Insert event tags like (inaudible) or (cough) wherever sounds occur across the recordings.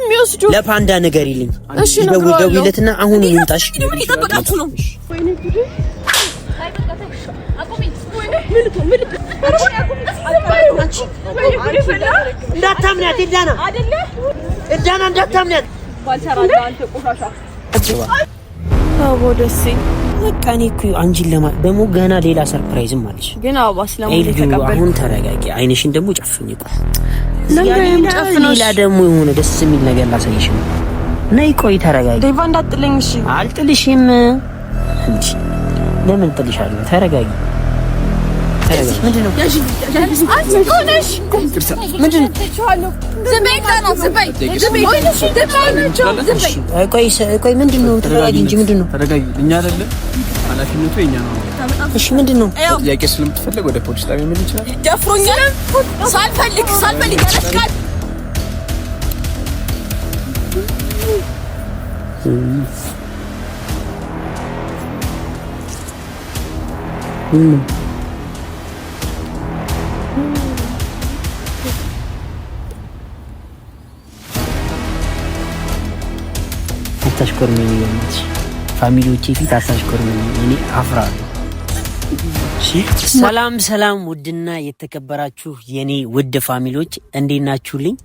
ነው የሚወስዱ። ለፓንዳ ነገር ይልኝ እሺ፣ ደውይለትና አሁን ይምጣሽ። እንዳታምናት ኤልዳና፣ ኤልዳና እንዳታምናት አቦ ደስ በቃ እኔ እኮ አንቺን ለማ ደግሞ ገና ሌላ ሰርፕራይዝም አለሽ። ግን አባ ስለሙሌ ተቀበል። አሁን ተረጋጊ፣ አይንሽን ደግሞ ጨፍኝ። ቆይ ሌላ ደግሞ የሆነ ደስ የሚል ነገር ላሳይሽ ነው። ነይ ቆይ ተረጋጊ። ዴቫ እንዳትልኝ። እሺ አልጥልሽም። እንጂ ለምን ጥልሻለሁ? ተረጋጊ ተረጋጊ። ምንድን ነው ምንድን ነው ቆይ ምንድን ነው? ተረጋጊ እንጂ ምንድን ወደ ፖሊስ ጣቢያ ምን ይችላል? አታሽኮርመኝ እያለች ፋሚሊዎቼ ፊት አታሽኮርመኝ፣ እኔ አፍራለሁ። ሰላም ሰላም፣ ውድና የተከበራችሁ የኔ ውድ ፋሚሊዎች እንዴት ናችሁልኝ?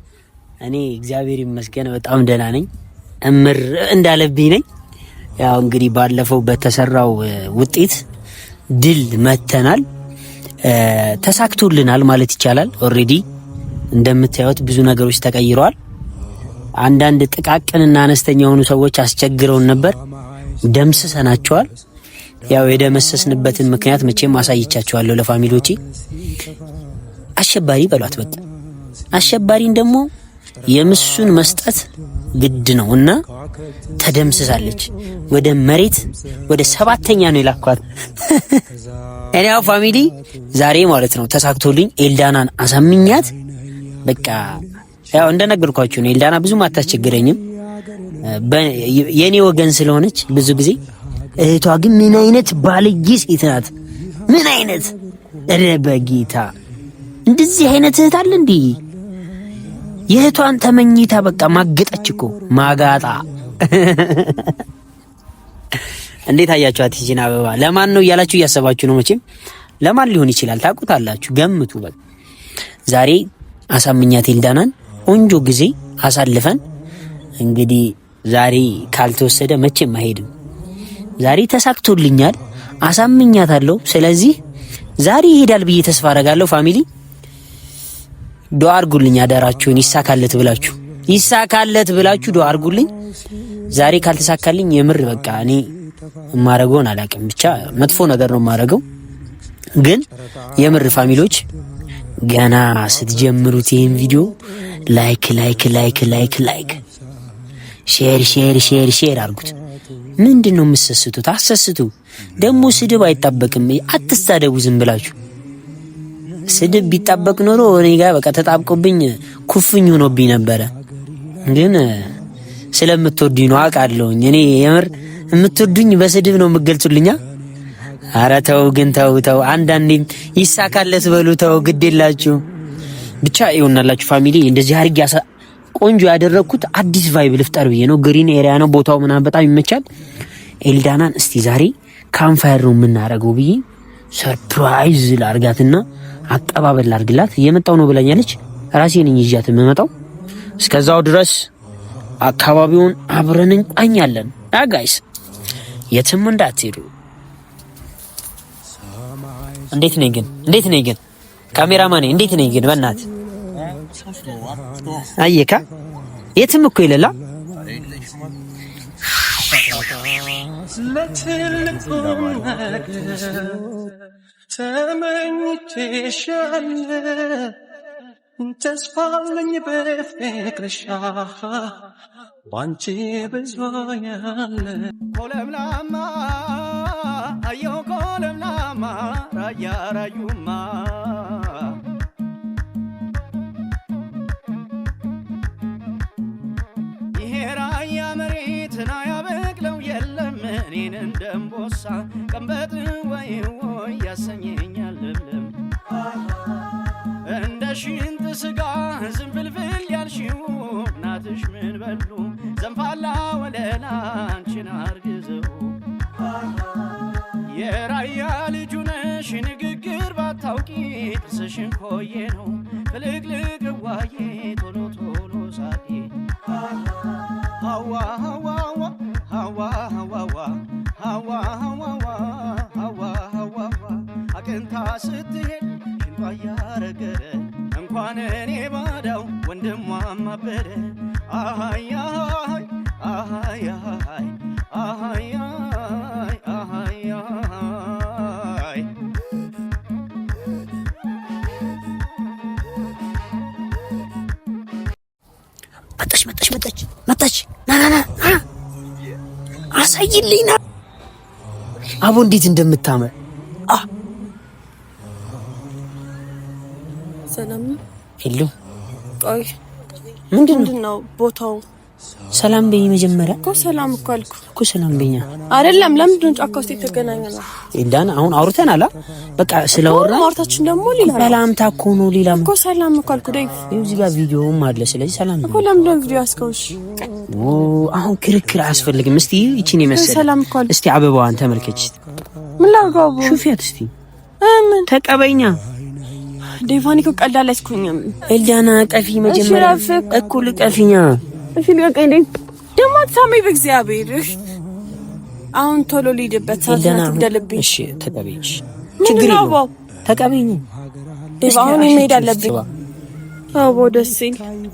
እኔ እግዚአብሔር ይመስገን በጣም ደህና ነኝ፣ እምር እንዳለብኝ ነኝ። ያው እንግዲህ ባለፈው በተሰራው ውጤት ድል መተናል፣ ተሳክቶልናል ማለት ይቻላል። ኦልሬዲ እንደምታዩት ብዙ ነገሮች ተቀይረዋል። አንዳንድ ጥቃቅንና አነስተኛ የሆኑ ሰዎች አስቸግረውን ነበር፣ ደምስሰናቸዋል። ያው የደመሰስንበትን ምክንያት መቼም አሳይቻቸዋለሁ ለፋሚሊዎቼ። አሸባሪ በሏት በቃ። አሸባሪን ደግሞ የምሱን መስጠት ግድ ነው እና ተደምስሳለች። ወደ መሬት ወደ ሰባተኛ ነው የላኳት። እኔ (laughs) ፋሚሊ ዛሬ ማለት ነው ተሳክቶልኝ ኤልዳናን አሳምኛት በቃ ያው እንደነገርኳችሁ ነው። ኤልዳና ብዙም አታስቸግረኝም የኔ ወገን ስለሆነች ብዙ ጊዜ። እህቷ ግን ምን አይነት ባለጌ ሴት ናት! ምን አይነት እረ በጌታ እንደዚህ አይነት እህት አለ እንዴ? የእህቷን ተመኝታ በቃ ማገጠች እኮ ማጋጣ። (laughs) እንዴት አያችኋት ይቺን አበባ? ለማን ነው እያላችሁ እያሰባችሁ ነው መቼም። ለማን ሊሆን ይችላል ታውቁታላችሁ። ገምቱ። በቃ ዛሬ አሳምኛት ኤልዳናን ቆንጆ ጊዜ አሳልፈን እንግዲህ ዛሬ ካልተወሰደ መቼም አይሄድም። ዛሬ ተሳክቶልኛል፣ አሳምኛታለሁ። ስለዚህ ዛሬ ይሄዳል ብዬ ተስፋ አረጋለሁ። ፋሚሊ ዶ አርጉልኝ፣ አደራችሁን፣ ይሳካለት ብላችሁ ይሳካለት ብላችሁ ዶ አርጉልኝ። ዛሬ ካልተሳካልኝ የምር በቃ እኔ የማረገውን አላውቅም። ብቻ መጥፎ ነገር ነው የማረገው። ግን የምር ፋሚሊዎች ገና ስትጀምሩት ይህን ቪዲዮ ላይክ ላይክ ላይክ ላይክ ላይክ ሼር ሼር ሼር ሼር አርጉት። ምንድን ነው የምትሰስቱት? አሰስቱ። ደግሞ ስድብ አይጣበቅም። አትሳደቡ ዝም ብላችሁ። ስድብ ቢጣበቅ ኖሮ እኔ ጋር በቃ ተጣብቆብኝ ኩፍኝ ሆኖብኝ ነበረ። ግን ስለምትወዱኝ ነው አውቃለሁኝ። እኔ የምር የምትወዱኝ በስድብ ነው የምገልጹልኛ። አረ ተው ግን ተው ተው። አንዳንዴም ይሳካለት በሉ ተው፣ ግድ ብቻ ይሆናላችሁ ፋሚሊ። እንደዚህ አድርጌ ቆንጆ ያደረግኩት አዲስ ቫይብ ልፍጠር ብዬ ነው። ግሪን ኤሪያ ነው ቦታው ምናምን በጣም ይመቻል። ኤልዳናን እስቲ ዛሬ ካምፋየር ነው የምናደርገው ብዬ ሰርፕራይዝ ላርጋትና አቀባበል ላርግላት። እየመጣው ነው ብላኛለች። ራሴ ነኝ ይዣት የምመጣው። እስከዛው ድረስ አካባቢውን አብረን እንቃኛለን። አጋይስ የትም እንዳትሄዱ። እንዴት ነኝ ግን? እንዴት ነኝ ግን? ካሜራማን እንዴት ነኝ ግን? በእናት አየካ የትም እኮ ይለላ ተስፋለኝ ባንቺ ብዙ ያለ ኮለምላማ አየሁ ኮለምላማ ራያ ራዩማ ፊትን ያበቅለው የለም እኔን እንደምቦሳ ቀንበጥ ወይ ወይ ያሰኘኛል ልምልም እንደ ሽንት ስጋ ዝንፍልፍል ያልሽው እናትሽ ምን በሉ ዘንፋላ ወለላ አንቺን አርግዘው የራያ ልጁ ነሽ ንግግር ባታውቂ ጥስሽን ኮዬ ነው ፍልቅልቅ ዋዬ ስትሄድ ሽንቷ እያረገ እንኳን እኔ ባዳው ወንድሟም አበደ። አሃይ አሃያይ አሃይ አሃይ መጣች መጣች መጣች መጣች ና አሳይልኝ ና አቦ እንዴት እንደምታምር ሄሎ፣ ቆይ ምንድን ነው ቦታው? ሰላም በይ መጀመሪያ እኮ ሰላም እኮ አልኩ እኮ ሰላም በኛ አይደለም። ለምንድን ነው ጫካ ውስጥ የተገናኘነው? ኢንዳን አሁን አውርተናል። በቃ ስለወራ ማውራታችን ደግሞ ሌላ ሰላምታ እኮ ነው። ሌላ እኮ ሰላም እኮ አልኩ። ደይ እዚህ ጋር ቪዲዮም አለ። ስለዚህ ሰላም እኮ ለምንድን ነው ቪዲዮ ኦ አሁን ክርክር አያስፈልግም። እስቲ ይቺን የመሰለ ሰላም እኮ አልኩ። እስቲ አበባዋን ተመልከች። ምን ላርጋው? ሹፊያት እስቲ ተቀበኛ ዴቫን እኮ ቀላል አይስኩኝም። ኤልዳና ቀፊ መጀመሪያ እኩል ቀፊኛ እሺ፣ ልቀቀኝ። ዴ ደግሞ አትሳመኝ በእግዚአብሔር። አሁን ቶሎ ልሂድበት ሰዓት ትደልብኝ እሺ፣ ተቀበይሽ። ችግር የለውም ተቀበይኝ። አሁን መሄድ አለብኝ። አቦ ደስ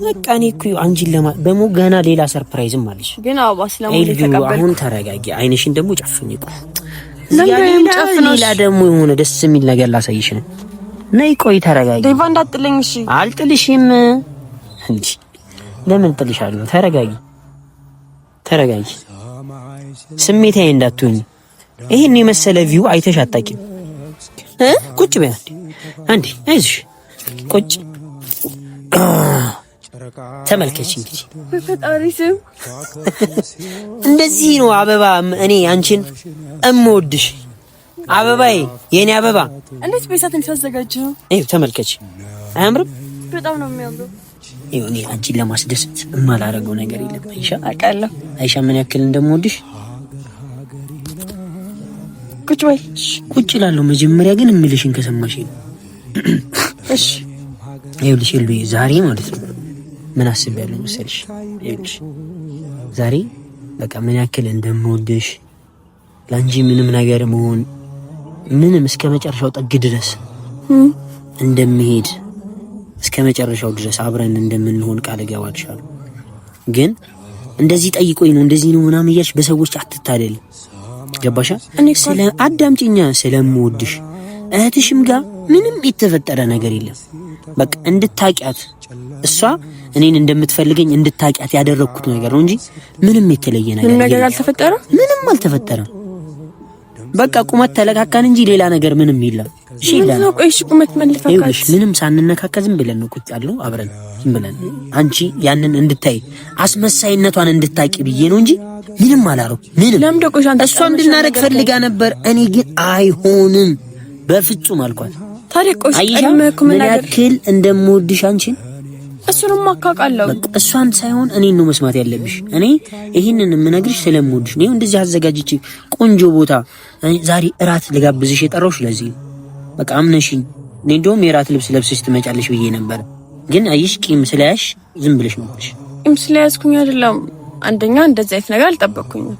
በቃ እኔ እኮ አንቺን ለማ ደግሞ ገና ሌላ ሰርፕራይዝም አለሽ። ግን አባ ስለሞኝ ተቀበል። አሁን ተረጋጊ። አይንሽን ደግሞ ጨፍኝ። ቁ ሌላ ደግሞ የሆነ ደስ የሚል ነገር ላሳይሽ ነው ነይ ቆይ ተረጋጊ። ዴቫ እንዳትጥለኝ። እሺ አልጥልሽም። እንጂ ለምን ጥልሻለሁ? ተረጋጊ፣ ተረጋጊ። ስሜታዊ እንዳትሆኝ። ይሄን የመሰለ ቪው አይተሽ አታቂም እ ቁጭ በይ አንዴ፣ አይዞሽ፣ ቁጭ ተመልከች። እንግዲህ በፈጣሪ እንደዚህ ነው አበባ እኔ አንቺን እምወድሽ አበባዬ የኔ አበባ እንዴት በሳት እንተዘጋጀ? ይሄ ተመልከች፣ አያምርም? በጣም ነው የሚያምረው። ይሁን አንቺን ለማስደሰት የማላደርገው ነገር የለም። አይሻ አውቃለሁ፣ አይሻ ምን ያክል እንደምወድሽ። ቁጭ በይ። ቁጭ እላለሁ። መጀመሪያ ግን እምልሽን ከሰማሽ ነው። (clears throat) እሺ፣ ይኸውልሽ የሉዬ፣ ዛሬ ማለት ነው ምን አስቤያለሁ መሰልሽ? ይኸውልሽ ዛሬ በቃ ምን ያክል እንደምወድሽ ለአንቺ ምንም ነገር መሆን ምንም እስከ መጨረሻው ጥግ ድረስ እንደምሄድ እስከ መጨረሻው ድረስ አብረን እንደምንሆን ቃል እገባልሻለሁ። ግን እንደዚህ ጠይቆኝ ነው እንደዚህ ነው ምናምን እያልሽ በሰዎች አትታደል። ገባሻ? አዳምጪኛ። ስለምወድሽ እህትሽም ጋር ምንም የተፈጠረ ነገር የለም። በቃ እንድታቂያት እሷ እኔን እንደምትፈልገኝ እንድታቂያት ያደረግኩት ነገር ነው እንጂ ምንም የተለየ ነገር ነገር አልተፈጠረ ምንም አልተፈጠረም። በቃ ቁመት ተለካካን እንጂ ሌላ ነገር ምንም የለም። እሺ ምንም ሳንነካካ ዝም ብለን ነው ቁጭ ያለው አብረን ዝም ብለን አንቺ ያንን እንድታይ አስመሳይነቷን እንድታቂ ብዬ ነው እንጂ ምንም አላረው። ምንም እሷ እንድናደርግ ፈልጋ ነበር። እኔ ግን አይሆንም በፍጹም አልኳት። ታሪቆሽ ምን ያክል እንደምወድሽ አንቺን እሱንም አካቃለሁ። እሷን ሳይሆን እኔን ነው መስማት ያለብሽ። እኔ ይህንን የምነግርሽ ስለምወድሽ ነው። እንደዚህ አዘጋጅቼ ቆንጆ ቦታ ዛሬ እራት ልጋብዝሽ የጠራው ስለዚህ በቃ አምነሽኝ። እኔ እንደውም የራት ልብስ ለብስሽ ትመጫለሽ ብዬ ነበር፣ ግን አይሽ ቂም ስለያሽ ዝም ብለሽ ነበርሽ። ቂም ስለያዝኩኝ አይደለም። አንደኛ እንደዚህ አይነት ነገር አልጠበቅኩኝም።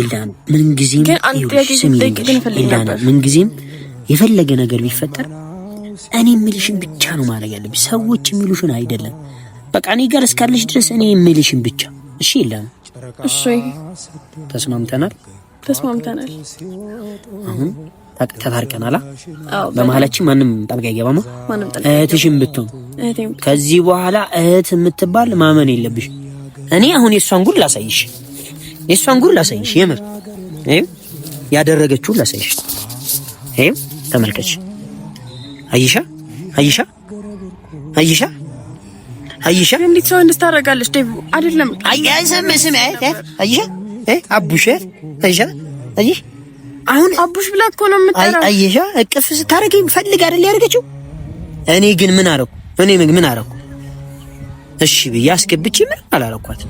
ኤልዳን ምንጊዜም ግን አንተ ያገኝ ግን ፈልግ ነበር። ምንጊዜም የፈለገ ነገር ቢፈጠር እኔ የምልሽን ብቻ ነው ማድረግ ያለብሽ፣ ሰዎች የሚሉሽን አይደለም። በቃ እኔ ጋር እስካለሽ ድረስ እኔ የምልሽን ብቻ እሺ? የለም እሺ፣ ተስማምተናል። ተስማምተናል። አሁን ተታርቀናል። በመሀላችን ማንም ጣልቃ አይገባማ። እህትሽን ብትሆን ከዚህ በኋላ እህት የምትባል ማመን የለብሽ። እኔ አሁን የእሷን ጉድ ላሳይሽ፣ የእሷን ጉድ ላሳይሽ፣ የምር ያደረገችውን ላሳይሽ። ይሄም ተመልከች አይሻ አይሻ አይሻ አይሻ እንዴት ሰው እንድታረጋለች ዴቭ አይደለም። አይሰም ስም አይሻ እ አቡሽ አይሻ አይ አሁን አቡሽ ብላ እኮ ነው የምትጠራው። አይሻ እቅፍ ስታረገኝ ፈልግ አይደል ያደረገችው። እኔ ግን ምን አረኩ? እኔ ምን ምን አረኩ? እሺ ብዬ አስገብቼ ምን አላረኳት።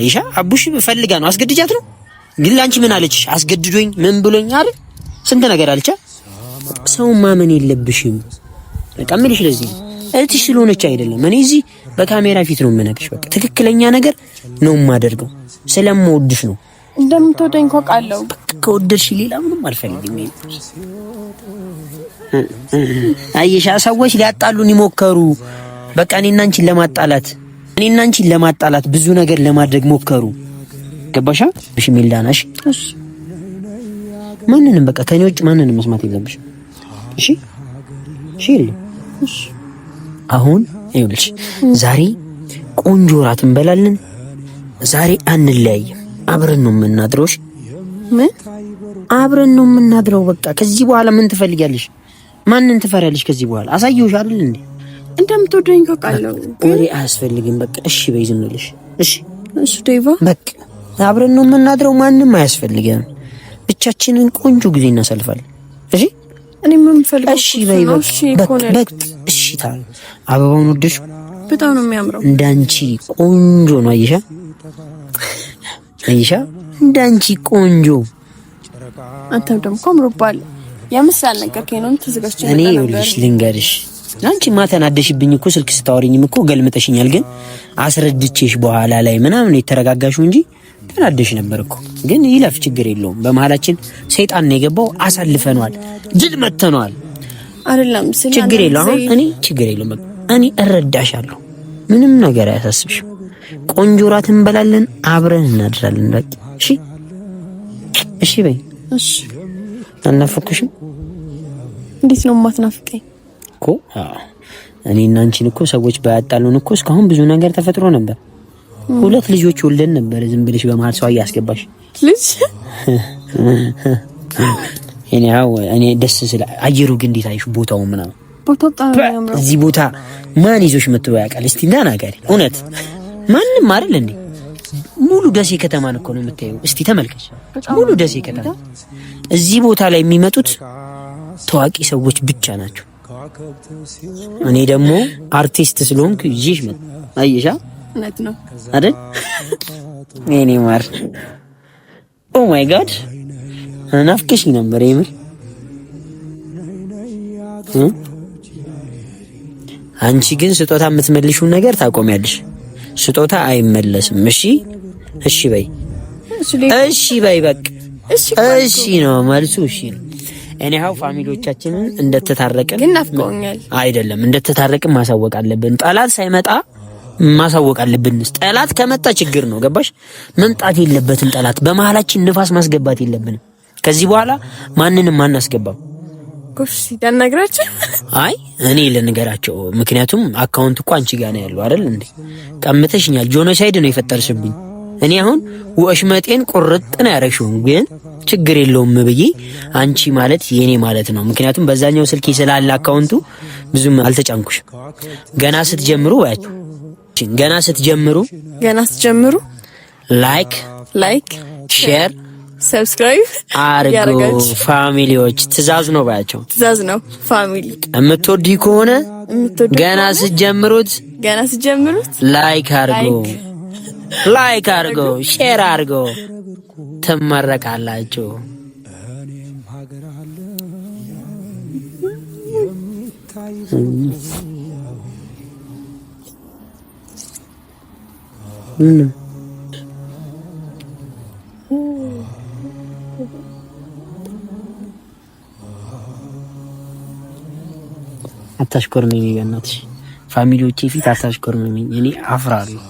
አይሻ አቡሽ ፈልጋ ነው አስገድጃት ነው። ግን ላንቺ ምን አለችሽ? አስገድዶኝ ምን ብሎኝ አይደል? ስንት ነገር አለቻት ሰው ማመን የለብሽም። በቃ ምልሽ ለዚህ እህትሽ ስለሆነች አይደለም። እኔ እዚህ በካሜራ ፊት ነው የምነግርሽ። በቃ ትክክለኛ ነገር ነው የማደርገው፣ ስለምወድሽ ነው። እንደምትወደኝ እኮ አውቃለሁ። ከወደድሽ ሌላ ምንም አልፈልግም። አየሻ፣ ሰዎች ሊያጣሉን ይሞከሩ። በቃ እኔና አንቺን ለማጣላት እኔና አንቺን ለማጣላት ብዙ ነገር ለማድረግ ሞከሩ። ገባሻ? ብሽ ሚላናሽ ማንንም በቃ ከኔ ውጭ ማንንም መስማት የለብሽ እሺ እሺ አሁን ይኸውልሽ ዛሬ ቆንጆ ራት እንበላለን። ዛሬ አንለያይም፣ አብረን ነው የምናድረው። ምን አብረን ነው የምናድረው? በቃ ከዚህ በኋላ ምን ትፈልጊያለሽ? ማንን ትፈሪያለሽ? ከዚህ በኋላ አሳየሁሽ አይደል እንዴ እንደምትወደኝ ካውቃለሁ። ወሬ አያስፈልግም። በቃ እሺ በይ ዝም ብለሽ እሺ። እሱ ዴቫ በቃ አብረን ነው የምናድረው። ማንም አያስፈልግም። ብቻችንን ቆንጆ ጊዜ እናሳልፋለን። እሺ እኔ ምን ፈልገው? እሺ በይ በቃ እሺ። ታዲያ አበባውን ወደድሽው? በጣም ነው የሚያምረው። እንዳንቺ ቆንጆ ነው። አይሻ አይሻ፣ እንዳንቺ ቆንጆ አንተም ደግሞ አምሮባል። የምሳል ነገር ከሆነ ተዘጋጅቼ እኔ ይኸውልሽ፣ ልንገርሽ አንቺ ማተን አደሽብኝ እኮ ስልክ ስታወሪኝም እኮ ገልምጠሽኛል። ግን አስረድቼሽ በኋላ ላይ ምናምን የተረጋጋሽው እንጂ ምን አዲሽ ነበር እኮ ግን ይለፍ፣ ችግር የለውም። በመሀላችን ሰይጣን ነው የገባው። አሳልፈነዋል፣ ድል መተነዋል። አይደለም ችግር የለውም። አሁን እኔ ችግር የለውም። እኔ እረዳሻለሁ። ምንም ነገር አያሳስብሽም። ቆንጆ ራት እንበላለን፣ አብረን እናድራለን። በቃ እሺ፣ እሺ በይ። እሺ አናፈኩሽም? እንዴት ነው የማትናፍቀኝ እኮ? አዎ እኔ እና አንቺን እኮ ሰዎች ባያጣሉን እኮ እስካሁን ብዙ ነገር ተፈጥሮ ነበር። ሁለት ልጆች ወልደን ነበር። ዝም ብለሽ በመሀል ሰው እያስገባሽ ልጅ እኔ ያው እኔ ደስ ስለ አየሩ ግን እንዴት አይሽ ቦታው ምናምን እዚህ ቦታ ማን ይዞሽ መጥቶ ያውቃል? እስቲ ተናገሪ። እውነት ማንም አይደል እንዴ? ሙሉ ደሴ ከተማን እኮ ነው የምታየው። እስቲ ተመልከች፣ ሙሉ ደሴ ከተማ። እዚህ ቦታ ላይ የሚመጡት ታዋቂ ሰዎች ብቻ ናቸው። እኔ ደግሞ አርቲስት ስለሆንኩ ይዤሽ መጣ። አየሻ እውነት ነው አይደል? የኔ ማር ኦ ማይ ጋድ ናፍቀሽ ነበር የምር አንቺ ግን ስጦታ የምትመልሹን ነገር ታቆሚያለሽ። ስጦታ አይመለስም። እሺ እሺ በይ እሺ በይ በቃ እሺ ነው መልሱ። እሺ ነው። እኔው ፋሚሊዎቻችንን እንደተታረቅን አይደለም እንደተታረቅን ማሳወቅ አለብን። ጠላት ሳይመጣ ማሳወቅ አለብን። ጠላት ከመጣ ችግር ነው። ገባሽ? መምጣት የለበትም ጠላት። በመሀላችን ንፋስ ማስገባት የለብንም። ከዚህ በኋላ ማንንም አናስገባም። ጎሽ ልነግራቸው። አይ እኔ ልንገራቸው። ምክንያቱም አካውንት እኮ አንቺ ጋር ነው ያለው አይደል እንዴ? ቀምተሽኛል። ጆኖሳይድ ነው የፈጠርሽብኝ። እኔ አሁን ወሽመጤን ቁርጥ ነው ያደረግሽው፣ ግን ችግር የለውም ብዬ አንቺ ማለት የኔ ማለት ነው። ምክንያቱም በዛኛው ስልኬ ስላለ አካውንቱ ብዙም አልተጫንኩሽም። ገና ስትጀምሩ ባያችሁ ገና ስትጀምሩ ገና ስትጀምሩ ላይክ ላይክ ሼር ሰብስክራይብ አርጉ። ፋሚሊዎች ትዛዝ ነው ባያቸው፣ ትእዛዝ ነው ፋሚሊ። የምትወዲ ከሆነ ገና ስትጀምሩት ገና ስትጀምሩት ላይክ አርጉ፣ ላይክ አርጉ፣ ሼር አርጉ። ትመረቃላችሁ። እኔም ሀገር አለ የሚታይ ምንም አታሽኮርመኝ። በእናትሽ ፋሚሊዎቼ ፊት አታሽኮርመኝ። እኔ አፍራለሁ።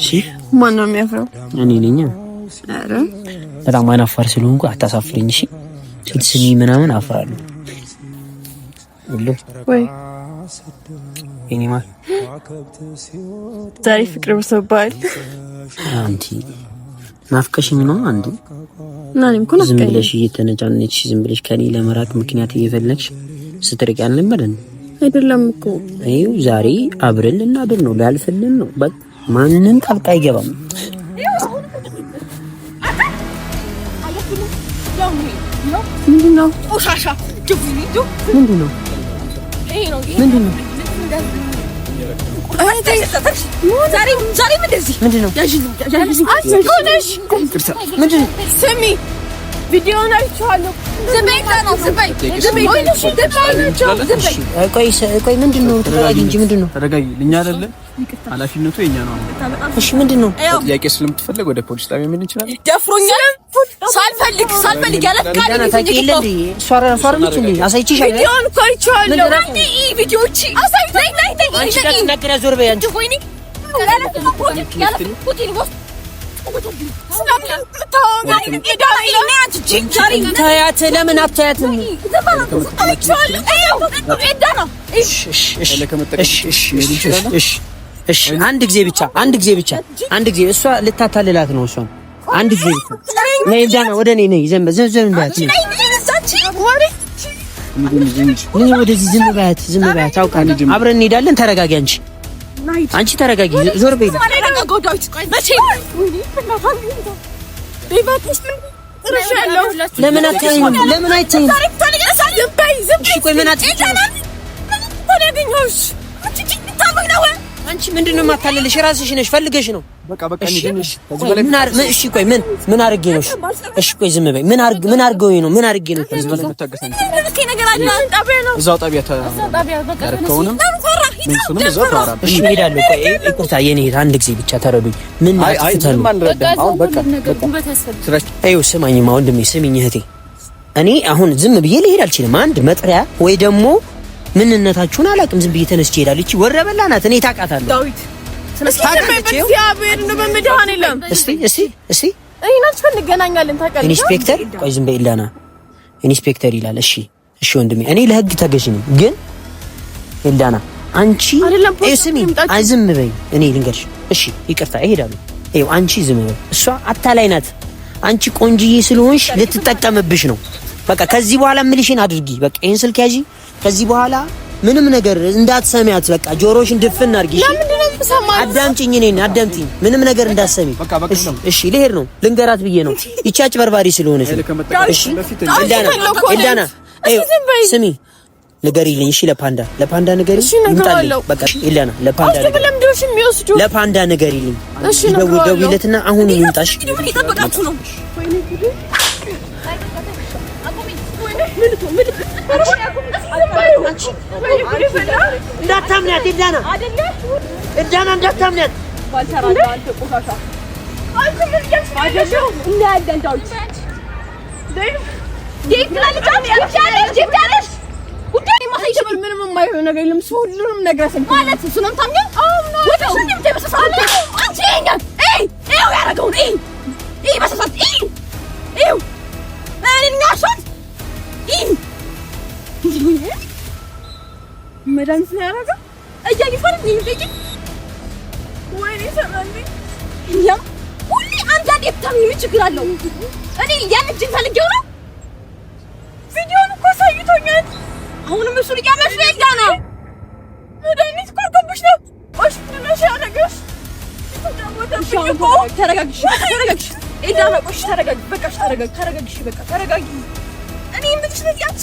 እሺ፣ ማን ነው የሚያፍረው? እኔ ነኝ። ኧረ በጣም አናፋር ስለሆንኩ አታሳፍረኝ። እሺ፣ ስትስሚ ምናምን አፍራለሁ ወይ ይኒማል ዛሬ ፍቅር ብሶባል። አንቲ ናፍቀሽኝ ነው አንዱ እና እኔም እኮ ዝም ብለሽ እየተነጫነች ዝም ብለሽ ከኔ ለመራቅ ምክንያት እየፈለግሽ ስትርቅ ያልነበረን አይደለም እኮ ይኸው ዛሬ አብረን ልናድር ነው፣ ላልፍልን ነው። በቃ ማንም ጣልቃ አይገባም። ምንድን ነው? ቆሻሻ ምንድን ነው? ምንድን ነው? ዛሬም እንደዚህ ምንድን ነው? ቪዲዮን አይቼዋለሁ። ምንድን ነው? ተረጋጊ እንጂ ምንድን ነው? ተረጋጊ። እኛ አይደለም ኃላፊነቱ የኛ ነው። እሺ፣ ምንድን ነው ጥያቄ? ስለምትፈልግ ወደ ፖሊስ ጣቢያ ምን እንችላለን። ደፍሮኛል። ሳልፈልግ ሳልፈልግ ያለ ቃል ነው ታያት ለምን አታያትም? አንድ ጊዜ ብቻ አንድ ጊዜ ብቻ አንድ ጊዜ እሷ ልታታልላት ነው። እሷን አንድ ጊዜ ብቻ ነይ፣ እዛ ወደ እኔ ነይ። ዘም ዘም ዘም እንዳያት ወደዚህ። ዝም በያት፣ ዝም በያት። አውቃለሁ አብረን እንሄዳለን። ተረጋጊ አንቺ አንቺ ተረጋጊ፣ ዞር በይ። ለምን አታይኝ? ለምን አይታይኝ? አንቺ ምንድን ነው የማታለልሽ? ራስሽ ነሽ ፈልገሽ ነው። በቃ በቃ ምን እሺ፣ ቆይ ምን ምን አድርጌ ነው? እሺ፣ ቆይ ዝም በይ። ምን አድርጌ ምን አድርጌ ነው? ምን አድርጌ ነው? ከዚህ በላይ መታገሰኝ እዛው ጣቢያ ያረከውንም እሺ፣ እሄዳለሁ። ቆይ ይቅርታ፣ የኔ አንድ ጊዜ ብቻ ተረዱኝ። ምን ይኸው ስማኝማ፣ ወንድሜ ስሚኝ፣ እህቴ፣ እኔ አሁን ዝም ብዬ ልሄድ አልችልም። አንድ መጥሪያ ወይ ደግሞ ምንነታችሁን አላውቅም። ዝም ብዬ ተነስቼ እሄዳለሁ። እቺ ወረበላ ናት። እኔ ታውቃታለሁ። ዳዊት ኢንስፔክተር ቆይ ዝም በይ ኢንስፔክተር ይላል። እሺ እሺ ወንድሜ እኔ ለህግ ተገዥ ነኝ። ግን ኢላና አንቺ እስሚ ዝም በይ። እኔ ልንገርሽ። እሺ ይቅርታ እሄዳለሁ። ይኸው አንቺ ዝም በይ። እሷ አታላይ ናት። አንቺ ቆንጅዬ ስለሆንሽ ልትጠቀምብሽ ነው። በቃ ከዚህ በኋላ ምልሽን አድርጊ። በቃ ይሄን ስልክ ያዢ ከዚህ በኋላ ምንም ነገር እንዳትሰሚያት። በቃ ጆሮሽን ድፍን አድርጊ። አዳምጪኝ፣ እኔን አዳምጪኝ። ምንም ነገር እንዳትሰሚ እሺ። ልሄድ ነው ልንገራት ብዬ ነው። ይቻጭ በርባሪ ስለሆነች እሺ። ኤልዳና ኤልዳና፣ ስሚ ንገሪልኝ እሺ። ለፓንዳ ለፓንዳ ንገሪልኝ፣ ይምጣልኝ። በቃ ኤልዳና፣ ለፓንዳ ለፓንዳ ንገሪልኝ። ደውይ ደውይለትና አሁን ይምጣሽ። ምን እንዳታምንያት እዳና እዳና እንዳታምንያት ምንም የማይሆን ነገር የለም። ሁሉንም ነገር ማለት እሱንም ታምኛል። አንቺ መድኃኒት ነው ያደረገው። እያይፈር ይዘቂ ወይኔ ሰማኝ። ያ ሁሌ አንዳንድ የታመመ ችግር አለው። እኔ ያን እጅ ፈልጌው ነው። ቪዲዮውን እኮ አሳይቶኛል። አሁንም እሱ ሊቀመሽ ነው እንዳ ነው መድኃኒት እኮ አልገባሽ ነው። እሺ ምንሽ ያደረገሽ ተረጋግሽ፣ ተረጋግሽ ኤዳና ቆሽ ተረጋግሽ፣ በቃሽ፣ ተረጋግሽ፣ ተረጋግሽ፣ በቃ ተረጋግሽ። እኔ የምልሽ ለዚህ አንቺ